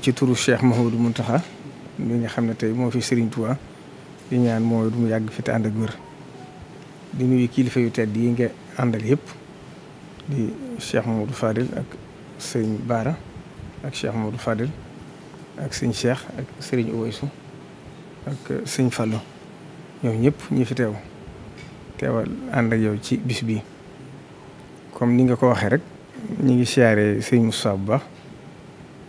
ci turu Cheikh mu taxa mi nga xam ne tey moo fi Serigne Touba di ñaan mooy du mu yàgg fi te ànd ak wér di nuyu kilifa yu tedd yi nga àndal yëpp di Cheikh Mouhamadou Fadil ak sëñ Baara ak Cheikh Mouhamadou Fadil ak sëñ Cheikh ak Serigne Oweysu ak sëñ Fallou ñoom ñëpp ñi fi teew teewal ànd ak yow ci bis bi comme ni nga ko waxee rek ñu ngi siyaaree sëñ Moussa bu baax.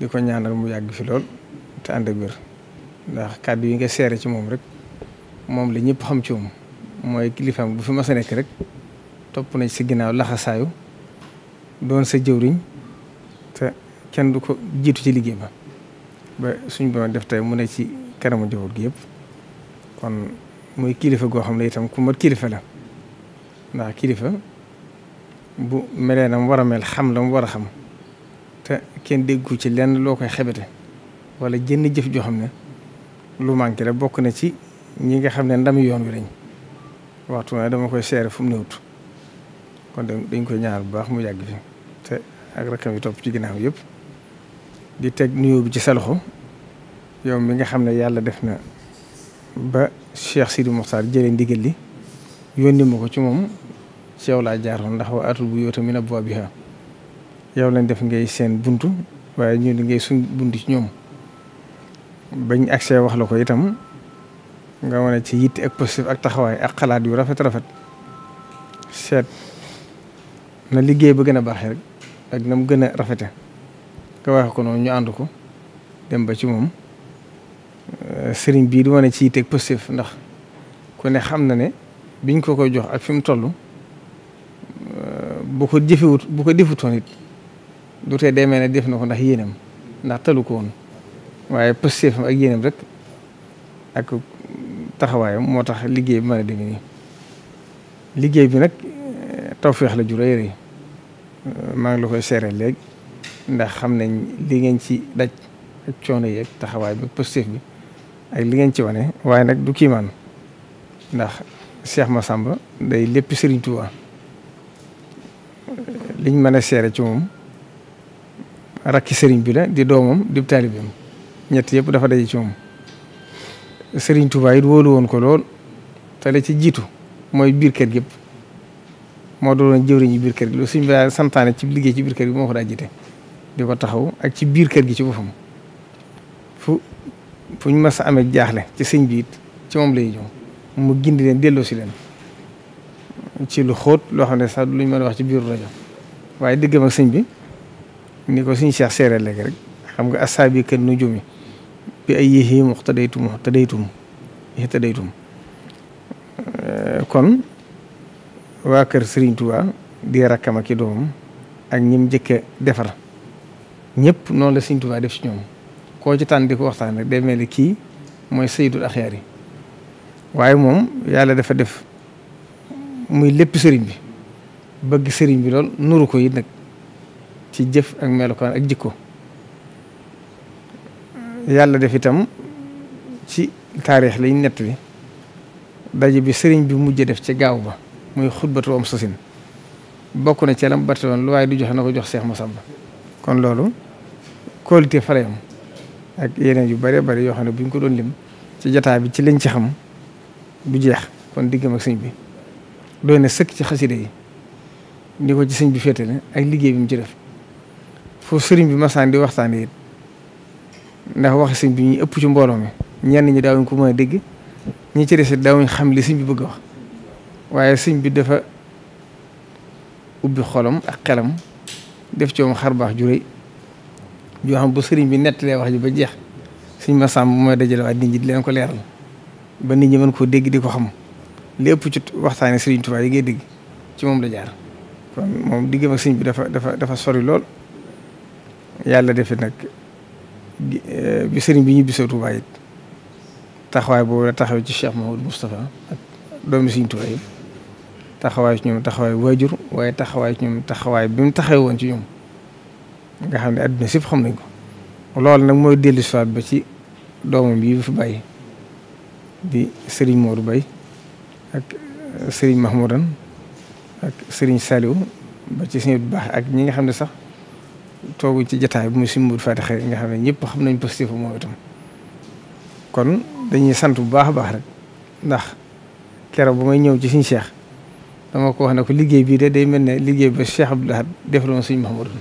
di ko ñaanal mu yàgg fi lool te ànd ak wér ndax kàddu yi nga seere ci moom rek moom la ñëpp xam ci moom mooy kilifaam bu fi mas a nekk rek topp nañ si ginnaaw laxasaayu doon sa jëwriñ te kenn du ko jiitu ci liggéey ba ba suñ borom def tey mu ne ci kanamu jawwut gi yëpp kon muy kilifa goo xam ne itam ku kilifa la ndax kilifa bu melee na war a mel xam la mu war a xam. te kenn déggu ci lenn loo koy xebete wala jënn jëf joo xam ne lu manqué la bokk na ci ñi nga xam ne ndam yoon wi lañ waxtu na dama koy seere fu mu néewut kon dañ koy ñaar bu baax mu yàgg fi te ak rakam yi topp ci ginnaaw yëpp di teg nuyoo bi ci sa loxo yow mi nga xam ne yàlla def na ba Cheikh Sidi Mokhtar jëlee ndigal li yónni mu ko ci moom ci yow laa jaaroon ndax wa atul bu yoota min abwaabiha yow lañ def ngay seen buntu waaye ñu di ngay suñ buntu ci ñoom bañ accès wax la ko itam nga wane ci yitte ak positif ak taxawaay ak xalaat yu rafet rafet seet na liggéey ba gën a baaxee rek ak na mu gën a rafete nga waxe ko noonu ñu ànd ko dem ba ci moom euh, sëriñ bii di wane ci yitte ak positif ndax ku ne xam na ne biñ ko koy jox ak fi mu toll euh, bu ko jëfewut bu ko defutoon du tee demee ne def na ko ndax yéenam ndax talu ko woon waaye pëstéefam ak yéenam rek ak taxawaayam moo tax liggéey bi mën a demee nii liggéey bi nag eh, tawféex la juree rëy maa ngi la koy seeree léegi ndax xam nañ li ngeen ci daj ak coono yi ak taxawaay bi pëstéef bi ak li ngeen ci wane waaye nag du kiimaan ndax ma Massamba day lépp Serigne liñ mën a seere ci moom. rakki sëriñ bi la di doomam di taalibeem ñett yëpp dafa daje ci moom sëriñ Tuubaa it wóolu woon ko lool te la ci jiitu mooy biir kër yëpp moo doon jëwriñu biir kër gi lu suñ ba santaane ci liggéey ci biir kër gi moo ko di ko taxaw ak ci biir kër gi ci boppam fu fu ñu mas a amee jaaxle ci sëñ bi ci moom lay ñëw mu gindi leen delloo si leen ci lu xóot loo xam ne sax luñ mën a wax ci biir rajo waaye diggam ak sëñ bi ni ko suñu Cheikh seere léegi rek xam nga asaabi kan nu jumi bi ay yéexi muxtadaytum muxtadaytum ihtadaytum kon waa kër Serigne Touba di rakkam ak i doomam ak ñim njëkk defar ñëpp noonu la Serigne Touba def ci ñoom koo ci tànn ko waxtaan rek day mel kii mooy sayyidul axyaar yi waaye moom yàlla dafa def muy lépp sëriñ bi bëgg sëriñ bi lool nuru ko it ci jëf ak melokaan ak jikko yàlla def itam ci taarix lañ nett bi daje bi sëriñ bi mujj def ci gaaw ba muy xutbatu am sosin bokk na ci lam lu waaye di joxe na ko jox Seex Masamba kon loolu qualité farayam ak yeneen yu bare bëri yoo xam ne bu ñu ko doon lim ci jataa bi ci lañ ci xam bu jeex kon diggam ak sëñ bi doy ne sëkk ci xasida yi ni ko ci sëñ bi féetale ak liggéey bi mu ci def fu sëriñ bi masaan di waxtaan it ndax wax sëñ bi ñuy ëpp ci mbooloo mi ñenn ñi daawuñ ko mën a dégg ñi ci des it daawuñ xam li sëñ bi bëgg a wax waaye sëriñ bi dafa ubbi xolam ak xelam def ci moom xar baax ju rëy bu sëriñ bi nettalee wax ji ba jeex sëñ masaan bu mooy dajale waat nit ñi di leen ko leeral ba nit ñi mën koo dégg di ko xam ëpp ci waxtaane sëriñ Tuubaa yi ngay dégg ci moom la jaar kon moom diggam ak sëriñ bi dafa dafa dafa sori lool. yàlla defe nag eh, bi sëriñ bi ñu bisoo Tuubaa taxawaay boobu la taxaw ci Cheikh Mahamadou Moustapha ak doomi Sëriñ Tuubaa yi taxawaay ci ñoom taxawaay waajur waaye taxawaay ci ñoom taxawaay bi mu taxawee woon ci ñoom nga xam ne adduna sépp xam nañ ko loolu nag mooy dellu soit ba ci doomam bi bu fi bàyyi di sëriñ Modou Baye ak eh, sëriñ Mahmoudan ak sëriñ Saliou ba ci sëriñ bu baax ak ñi nga xam ne sax toogu ci jataay bu mu simbul fatixe nga xam ne ñëpp xam nañ positif moom itam dañuy sant bu baax a baax rek ndax keroog ba may ñëw ci suñu cheikh dama ko wax ne ko liggéey bii de day mel ne liggéey ba Cheikh Abdou Lahad defaloon suñu Mahamadou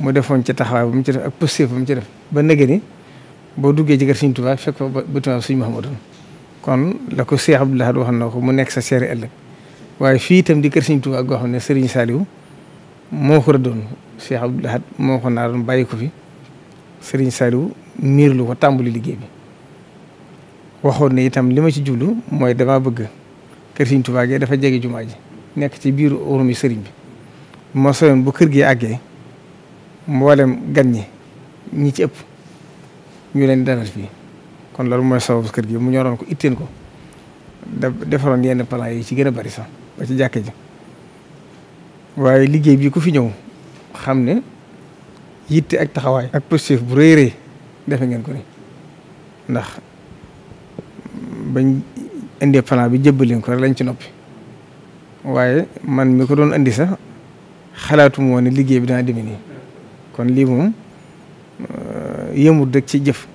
mu defoon ci taxawaay bu mu ci ak positif bu mu ci def ba boo duggee ci kër suñu tubaab fekk fa ba tubaab suñu Mahamadou kon la ko Cheikh Abdou Lahad wax na ko mu nekk sa seeri ëllëg waaye fii itam di kër suñu tubaab goo xam ne Serigne Saliou moo ko rëddoon Cheikh Abdoul Ahad moo ko naaroon bàyyi ko fi Serigne Saliou miir lu ko tàmbali liggéey bi waxoon ne itam lima ci jublu mooy dama bëgg kër Serigne Touba gi dafa jege jumaa ji nekk ci biiru ormi Serigne bi ma bu kër gi àggee mboolem gan ñi ñi ci ëpp ñu leen dalal fii kon loolu mooy sababu kër gi mu ñoroon ko itteen ko da defaroon yenn plan yi ci gën a bari sax ba ji waaye liggéey bi ku fi ñëw xam ne yitte ak taxawaay ak positif bu rëy rëy defe ngeen ko ndax bañ indee plan bi jëbbaleen ko rek lañ ci noppi waaye man mi ko doon indi sax xalaatum moo ne liggéey bi dana demee nii kon lii moom euh, yëmut rek ci jëf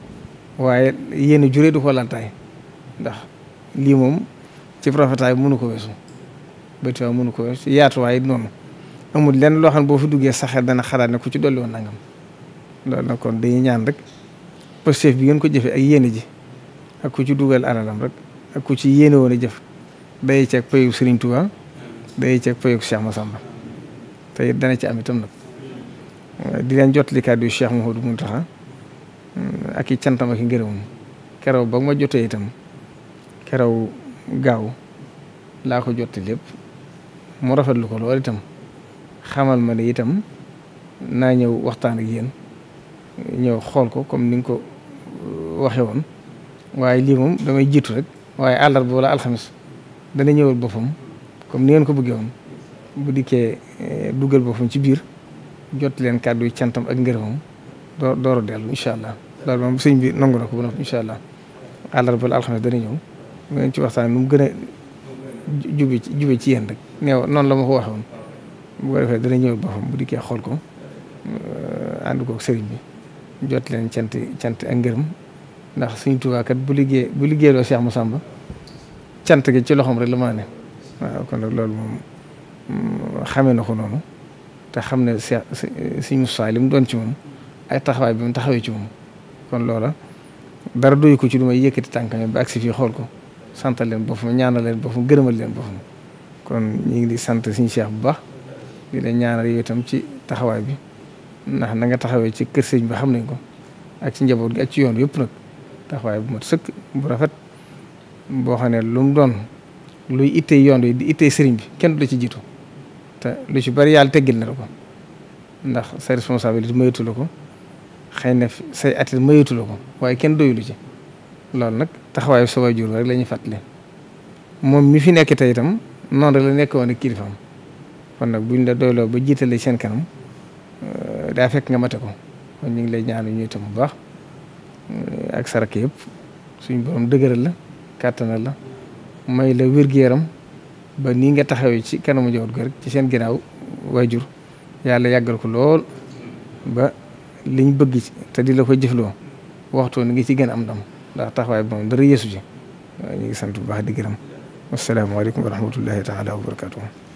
waaye yéen jure du ko lantaay ndax lii moom ci rafetaay mënu ko weesu bëtiwaay mënu ko weesu yaatuwaay noonu amul leen loo boo fa duggee sa xel dana xalaat ne ku ci dolli woon nangam loolu nag kon dañuy ñaan rek postef bi ngeen ko jëfee ak yéene ji ak ku ci dugal alalam rek ak ku ci yéene woon a jëf day ceeg payu Serigne Touba day ceeg payu Cheikh Massamba te it dana ci am tam nag di leen jottali kàddu Cheikh Mouhamadou Mountakha mm, ak i cantam ak i ngërëmam keroog ba ma jotee itam keroog gaaw laa ko jotti lépp mu rafetlu ko loolu itam. xamal ma ne itam naa ñëw waxtaan ak yéen ñëw xool ko comme ni nga ko euh, waxe woon waaye lii moom damay jiitu rek waaye àllarba boola alxamis dana ñëwal boppam comme ni ngeen ko bëggee woon bu dikkee euh, dugal boppam ci biir jot leen kàddu yi cantam ak ngërëmam doo door a dellu incha allah loolu moom sëñ bi nangu na ko ba noppi incha allah àllarba wala alxamis dana ñëw ngeen ci waxtaan nu mu gën a jube ci jube ci yéen rek neew noonu la ma bu ko defee dana ñëw boppam bu dikkee xool ko euh, ànd koog sëriñ bi jot leen cant cant ak ngërëm ndax suñ tubaakat bu liggéey bu liggéey liggéeyloo mu Massamba cant gi ci loxoom rek la maa ne waaw kon nag loolu moom mm, xamee na ko noonu te xam ne Cheikh Sëriñ Moustapha li mu doon ci moom ay taxawaay bi mu taxawee ci moom kon loola dara doy ko ci du may yëkkati tànkam ba agsi fii xool ko santal leen boppam ñaanal leen boppam gërëmal leen boppam kon ñu ngi di sant suñu Cheikh bu baax di la ñaanal yow itam ci taxawaay bi ndax na nga taxawee ci kër sëñ bi xam nañ ko ak ci njaboot gi ak ci yoon yëpp nag taxawaay bu mat sëkk bu rafet boo xam ne lu mu doon luy ittee yoon wi di ittee sëriñ bi kenn du ci jiitu te lu ci bari yàlla teggil na la ko ndax sa responsabilité mayatu la ko xëy na say atit mayatu la ko waaye kenn doyulu ci loolu nag taxawaayu sa waajur rek la ñuy fàttali moom mi fi nekk tey itam noonu rek la nekk woon ak kilifaam kon nag buñ la doyloo ba jiitalee seen kanam euh, daa fekk nga mate ko kon ñu ngi lay ñaanu ñuy bu baax euh, ak sarak yëpp suñ borom dëgëral la kàttanal la may la wér-gu-yaram ba nii nga taxawee ci kanamu jawat go rek ci seen ginnaaw waajur yàlla yàggal ko lool ba liñ bëgg ci te di la koy jëfloo waxtu ni ngi ci gën am nam ndax taxawaay bi moom dara yeesu ji ngi sant bu baax di gërëm wasalaamaaleykum wa rahmatullahi taala wa